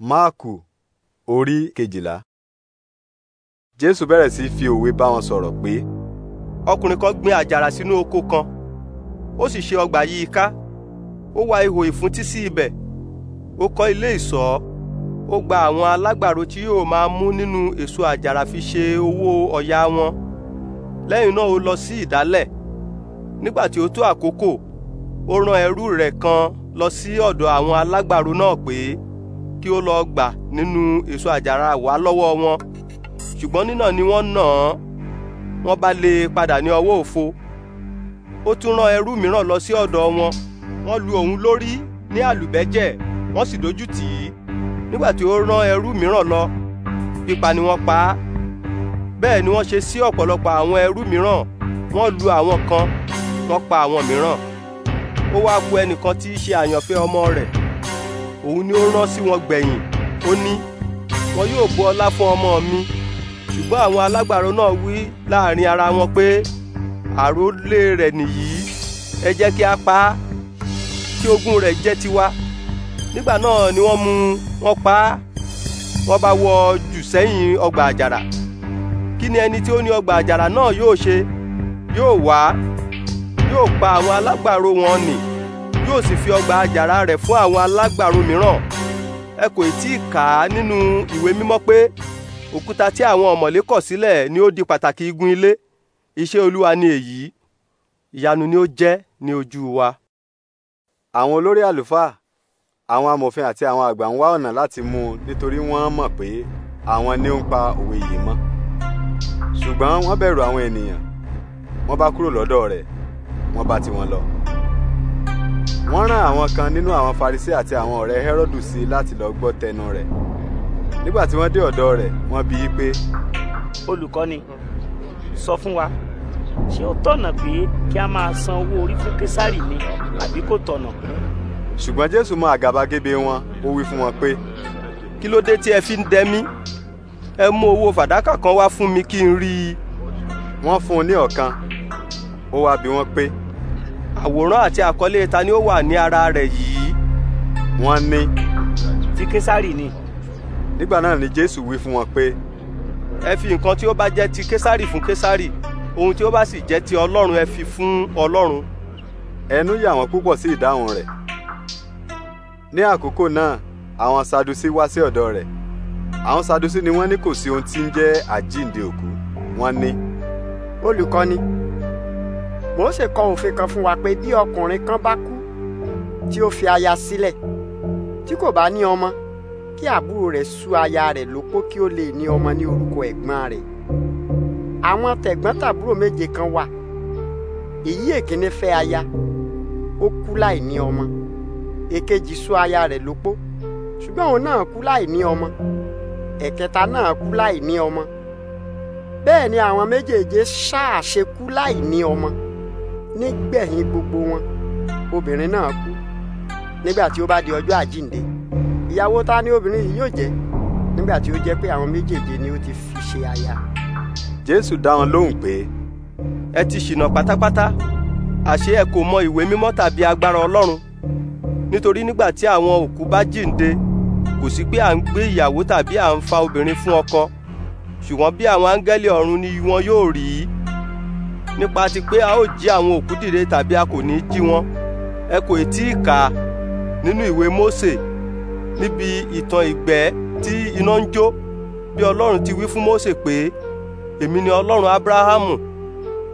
máàkù orí kejìlá. jésù bẹ̀rẹ̀ sí fi òwe bá wọn sọ̀rọ̀ pé. ọkùnrin kan gbin àjàrà sínú oko kan ó sì ṣe ọgbà yí i ká ó wa ihò ìfúntí sí ibẹ̀ ó kọ́ ilé ìṣọ́ ó gba àwọn alágbàro tí yóò máa mú nínú èso àjàrà fi ṣe owó ọ̀yà wọn lẹ́yìn náà ó lọ sí ìdálẹ̀ nígbà tí ó tó àkókò ó rán ẹrú rẹ̀ kan lọ sí ọ̀dọ̀ àwọn alágbàro náà pé kí ó lọ gbà nínú èso àjàrà wá lọ́wọ́ wọn ṣùgbọ́n nínà ni wọ́n nà án wọ́n bá lé e padà ní ọwọ́ òfo ó tún rán ẹrú mìíràn lọ sí ọ̀dọ̀ wọn wọ́n lu òun lórí ní àlùbẹ́jẹ̀ wọ́n sì dojú tì í nígbà tí ó rán ẹrú mìíràn lọ pípa ni wọ́n pa á bẹ́ẹ̀ ni wọ́n ṣe sí ọ̀pọ̀lọpọ̀ àwọn ẹrú mìíràn wọ́n lu àwọn kan wọ́n pa àwọn mìíràn ó wá ku ẹnìkan tí í ṣe àyànfẹ́ ọmọ rẹ̀ òun ni ó rán sí wọn gbẹ̀yìn ó ní wọn yóò bu ọlá fún ọmọ mi ṣùgbọ́n àwọn alágbàro náà wí láàrin ara wọn pé àrólé rẹ̀ nìyí ẹ jẹ́ kí a pa á kí ogún rẹ̀ jẹ́ tiwa nígbà náà ni wọ́n mú wọn pa á wọ́n bá wọ́ jù sẹ́yìn ọgbà àjàrà kí ni ẹni tí ó ní ọgbà àjàrà náà yóò ṣe yóò wá yóò pa àwọn alágbàro wọn nì yóò sì fi ọgbà àjàrà rẹ̀ fún àwọn alágbàro mìíràn ẹ kò tí ì kà á nínú ìwé mímọ́ pé òkúta tí àwọn ọ̀mọ̀lé kọ̀ sílẹ̀ ni ó di pàtàkì igun ilé iṣẹ́ olúwa ni èyí ìyanu ni ó jẹ́ ní ojú wa. àwọn olórí àlùfáà àwọn amòfin àti àwọn àgbà ń wá ọ̀nà láti mú un nítorí wọ́n mọ̀ pé àwọn ni ń pa òwe yìí mọ́ ṣùgbọ́n wọ́n bẹ̀rù àwọn ènìyàn wọ́n bá kúrò lọ́dọ̀ rẹ̀ wọ́n bá tiwọn lọ wọ́n rán àwọn kan nínú àwọn Farisí àti àwọn ọ̀rẹ́ Hẹ́rọ́dù sí láti lọ gbọ́ tẹnu rẹ̀ nígbà tí wọ́n dé ọ̀dọ̀ rẹ̀ wọ́n bi í pé. olùkọ́ni sọ fún wa ṣé ó tọ̀nà pé kí a máa san owó orí fún Késárì ni àbí kò tọ̀nà. ṣùgbọ́n Jésù mọ àgàbàgebè wọn ó wí fún wọn pé. kí ló dé tí ẹ fi ń dẹ mí ẹ mú owó fàdákà kan wá fún mi kí n rí i. wọ́n fún un ní ọ̀kan ó wá bi wọ́n pé àwòrán àti àkọlé ta ni ó wà ní ara rẹ̀ yìí. wọ́n ní. ti késàrì ni. nígbà náà ni jésù wí fún wọn pé. ẹ fi nǹkan tí ó bá jẹ́ ti késàrì fún késàrì ohun tí ó bá sì jẹ́ ti ọlọ́run ẹ fi fún ọlọ́run. ẹnu yà wọ́n púpọ̀ sí ìdáhùn rẹ̀. ní àkókò náà àwọn sadusi wá sí ọ̀dọ̀ rẹ̀ àwọn sadusi ni wọ́n ní kò sí ohun tí ń jẹ́ àjíǹde òkú wọ́n ní. olùkọ́ni Mósè kọ òfin kan fún wa pé bí ọkùnrin kan bá kú tí ó fi aya sílẹ̀ tí kò bá ní ọmọ kí àbúrò rẹ̀ sú aya rẹ̀ lópó kí ó lè ní ọmọ ní orúkọ ẹ̀gbọ́n rẹ̀ àwọn tẹ̀gbọ́n-tàbúrò méje kan wà èyí èkíní fẹ́ aya ó kú láì ní ọmọ èkejì sú aya rẹ̀ lópó ṣùgbọ́n òun náà kú láì ní ọmọ ẹ̀kẹta náà kú láì ní ọmọ bẹ́ẹ̀ ni àwọn méjèèje ṣáà ṣe kú láì ní ọmọ nígbẹ̀yìn gbogbo wọn obìnrin náà kú nígbà tí ó bá di ọjọ́ àjíǹde ìyàwó ta ni obìnrin yìí yóò jẹ́ nígbà tí ó jẹ́ pé àwọn méjèèjì ni ó ti fi ṣe aya. jésù dá wọn lóhùn pé ẹ ti ṣìnà pátápátá àṣé ẹ kò mọ ìwé mímọ́ tàbí agbára ọlọ́run nítorí nígbà tí àwọn òkú bá jíǹde kò sí pé à ń gbé ìyàwó tàbí à ń fa obìnrin fún ọkọ ṣùgbọ́n bí àwọn áńgẹ́lì ọ̀run ni wọn yóò rí i nípa ti pé a ó jí àwọn òkú dìde tàbí a kò ní jí wọn ẹ kò tí ì kà nínú ìwé Mósè níbi ìtàn ìgbẹ́ tí iná ń jó bí Ọlọ́run ti wí fún Mósè pé èmi ni Ọlọ́run Ábúráhámù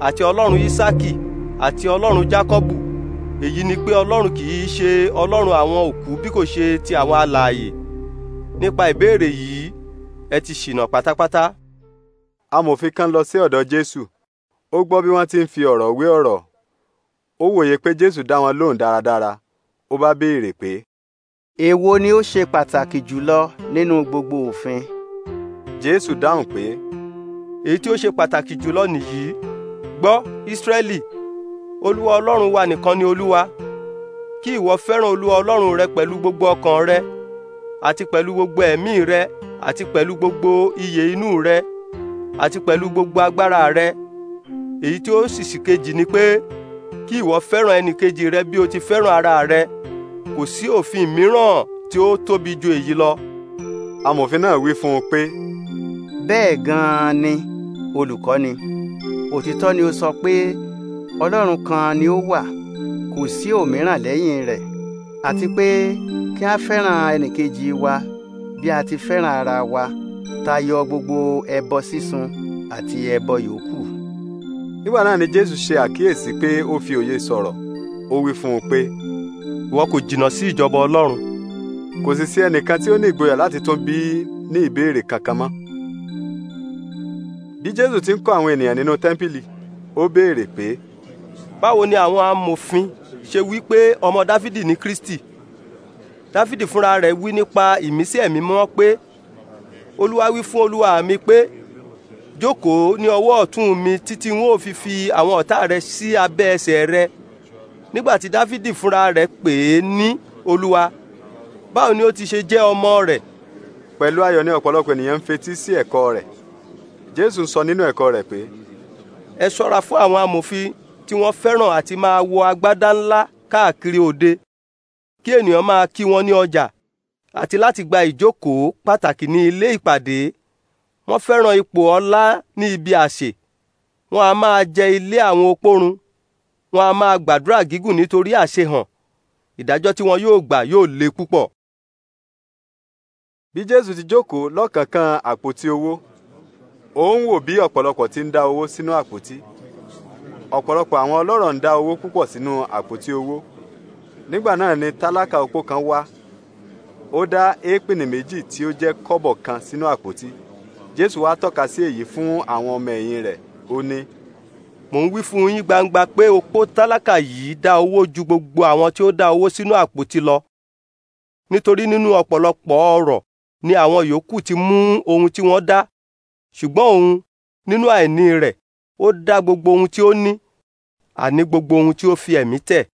àti Ọlọ́run Ísákì àti Ọlọ́run Jacobu, èyí ni pé Ọlọ́run kì í ṣe Ọlọ́run àwọn òkú bí kò ṣe ti àwọn alààyè nípa ìbéèrè yìí ẹ ti ṣìnà pátápátá. amòfin kan lọ sí ọ̀dọ̀ Jésù ó gbọ́ bí wọ́n ti ń fi ọ̀rọ̀ wé ọ̀rọ̀ ó wòye pé jésù dá wọn lóhùn dáradára ó bá béèrè pé. èwo ni ó ṣe pàtàkì jùlọ nínú gbogbo òfin. jésù dáhùn pé. èyí tí ó ṣe pàtàkì jùlọ nìyí gbọ́ ìsírẹ́lì olúwa ọlọ́run wa nìkan ni olúwa kí ìwọ fẹ́ràn olúwa ọlọ́run rẹ pẹ̀lú gbogbo ọkàn rẹ àti pẹ̀lú gbogbo ẹ̀mí rẹ àti pẹ̀lú gbogbo iyè inú rẹ àti pẹ̀lú gbogbo agbára rẹ èyí tí ó sì sì kejì ni pé kí ìwọ fẹ́ràn ẹnìkejì rẹ bí o ti fẹ́ràn ara rẹ kò sí òfin mìíràn tí ó tóbi ju èyí lọ. amòfin náà wí fún un pé. bẹ́ẹ̀ gan-an ni olùkọ́ni òtítọ́ ni ó sọ pé ọlọ́run kan ni ó wà kò sí òmíràn lẹ́yìn rẹ̀ àti pé kí a fẹ́ràn ẹnìkejì wa bí a ti fẹ́ràn ara wa tayọ gbogbo ẹbọ sísun àti ẹbọ yòókù nígbà náà ni jésù ṣe àkíyèsí pé ó fi òye sọ̀rọ̀ ó wí fún un pé ìwọ kò jìnnà sí ìjọba ọlọ́run kò sì sí ẹnìkan tí ó ní ìgboyà láti tún bí ní ìbéèrè kankan mọ́. bí jésù ti ń kọ́ àwọn ènìyàn nínú tẹ́ḿpìlì ó béèrè pé. báwo ni àwọn amòfin ṣe wí pé ọmọ dáfídì ní kristi dáfídì fúnra rẹ̀ wí nípa ìmísí ẹ̀mí mọ́ pé olúwa wí fún olúwa mi pé jókòó ní ọwọ́ ọ̀tún mi títí wọn ò fi fi àwọn ọ̀tá rẹ sí abẹ́ ẹsẹ̀ rẹ nígbà tí dáfídì fúnra rẹ̀ pè é ní olúwa báwo ni ó ti ṣe jẹ́ ọmọ rẹ̀. pẹ̀lú ayọ̀ ni ọ̀pọ̀lọpọ̀ ènìyàn ń fetí sí ẹ̀kọ́ rẹ̀ jésù sọ nínú ẹ̀kọ́ rẹ̀ pé. ẹ ṣọ́ra fún àwọn amòfin tí wọ́n fẹ́ràn àti máa wọ agbádá ńlá káàkiri òde kí ènìyàn máa kí wọn ní ọjà àti láti gba ìjókòó pàtàkì ní ilé ìpàdé wọ́n fẹ́ràn ipò ọlá ní ibi àsè wọ́n a máa jẹ ilé àwọn opórun wọ́n a máa gbàdúrà gígùn nítorí àṣehàn ìdájọ́ tí wọn yóò gbà yóò le púpọ̀. bí jésù ti jókòó lọ́kànkan àpótí owó ó ń wò bí ọ̀pọ̀lọpọ̀ ti ń dá owó sínú àpótí ọ̀pọ̀lọpọ̀ àwọn ọlọ́rọ̀ ń dá owó púpọ̀ sínú àpótí owó nígbà náà ni tálákà opó kan wá ó dá éèpìnì méjì tí ó jẹ́ kọ́bọ̀ kan sínú àpótí jésù wá tọ́ka sí èyí fún àwọn ọmọ ẹ̀yìn rẹ̀ ó ní. mò ń wí fún yín gbangba pé opó tálákà yìí dá owó ju gbogbo àwọn tí ó dá owó sínú àpótí lọ nítorí nínú ọ̀pọ̀lọpọ̀ ọrọ̀ ni àwọn yòókù ti mú ohun tí wọ́n dá ṣùgbọ́n òun nínú àìní rẹ̀ ó dá gbogbo ohun tí ó ní àní gbogbo ohun tí ó fi ẹ̀mí tẹ̀